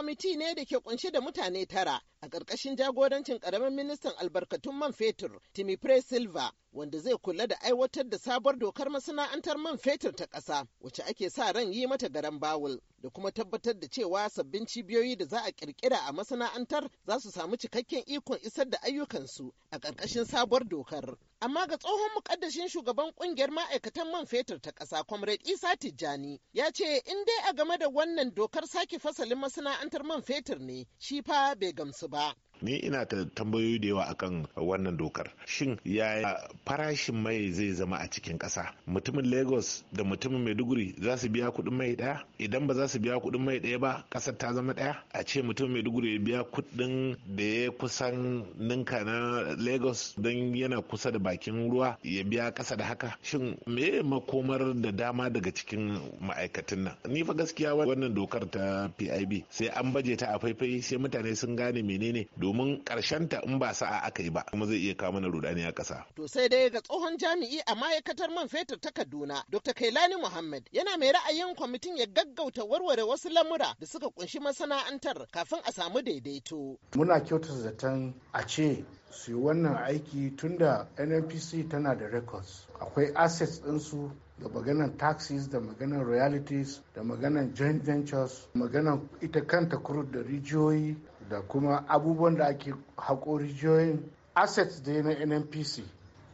kwamiti ne da ke kunshe da mutane tara a ƙarƙashin jagorancin ƙaramin ministan albarkatun man fetur Timipre Silva wanda zai kula da aiwatar da sabuwar dokar masana'antar man fetur ta ƙasa wacce ake sa ran yi mata garan bawul da kuma tabbatar da cewa sabbin cibiyoyi da za a ƙirƙira a masana'antar za su samu cikakken ikon isar da ayyukansu a ƙarƙashin sabuwar dokar. Amma ga tsohon muƙaddashin shugaban ƙungiyar ma'aikatan man fetur ta ƙasa Comrade Isa Tijjani ya ce in dai a game da wannan dokar sake fasalin masana'antar man fetur ne shi fa bai gamsu about ni ina ta tambayoyi da yawa akan wannan dokar shin yaya farashin mai zai zama a cikin ƙasa mutumin lagos da mutumin maiduguri za su biya kuɗin mai ɗaya idan ba za su biya kuɗin mai ɗaya ba ƙasar ta zama ɗaya a ce mutumin maiduguri ya biya kuɗin da ya kusan ninka na lagos don yana kusa da bakin ruwa ya biya ƙasa da haka shin me makomar da dama daga cikin ma'aikatan nan ni fa gaskiya wannan dokar ta pib sai an baje ta a faifai sai mutane sun gane menene do domin ta in ba sa'a aka yi ba kuma zai iya kawo mana rudani a ƙasa. To sai dai ga tsohon jami'i a ma'aikatar man fetur ta Kaduna Dr. Kailani Muhammad yana mai ra'ayin kwamitin ya gaggauta warware wasu lamura da suka kunshi masana'antar kafin a samu daidaito. Muna kyautata zaton a ce su yi wannan aiki tunda nnpc tana da records akwai assets ɗinsu da maganan taxes da maganan royalties da maganan joint ventures maganan ita kanta kurut da rijiyoyi da kuma abubuwan da ake haƙo rijiyoyin assets da na nnpc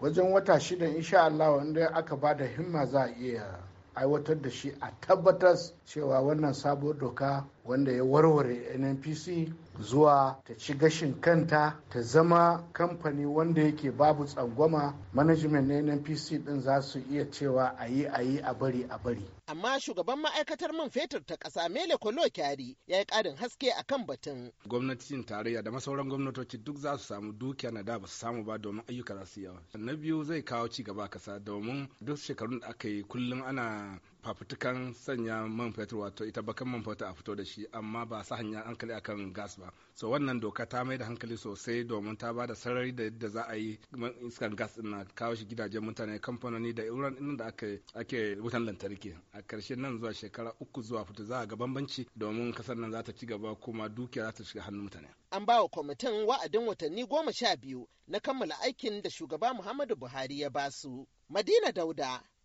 wajen wata shida insha Allah wanda aka ba da himma za a iya aiwatar da shi a tabbatar cewa wannan sabuwar doka wanda ya warware nnpc zuwa ta ci gashin kanta ta zama kamfani wanda yake babu tsangwama management na nnpc din za su iya cewa ayi-ayi a bari a bari amma shugaban ma'aikatar man fetur ta ƙasa mele kolo kyari ya yi ƙarin haske a kan batun gwamnatin tarayya da masauran gwamnatoci duk za su samu dukiya na da ba su samu ba domin ayyuka za su yawa na biyu zai kawo ci gaba kasa domin duk shekarun da aka yi kullum ana fafutukan sanya man fetur wato ita bakan man fetur a fito da shi amma ba sa hanya hankali akan gas ba so wannan doka ta mai da hankali sosai domin ta ba da sarari da yadda za a yi iskan gas din na kawo shi gidajen mutane kamfanoni da iran din da ake ake wutan lantarki a karshe nan zuwa shekara uku zuwa fito za a ga bambanci domin kasar nan za ta ci gaba kuma dukiya za ta shiga hannun mutane an ba wa kwamitin wa'adin watanni goma sha biyu na kammala aikin da shugaba muhammadu buhari ya basu madina dauda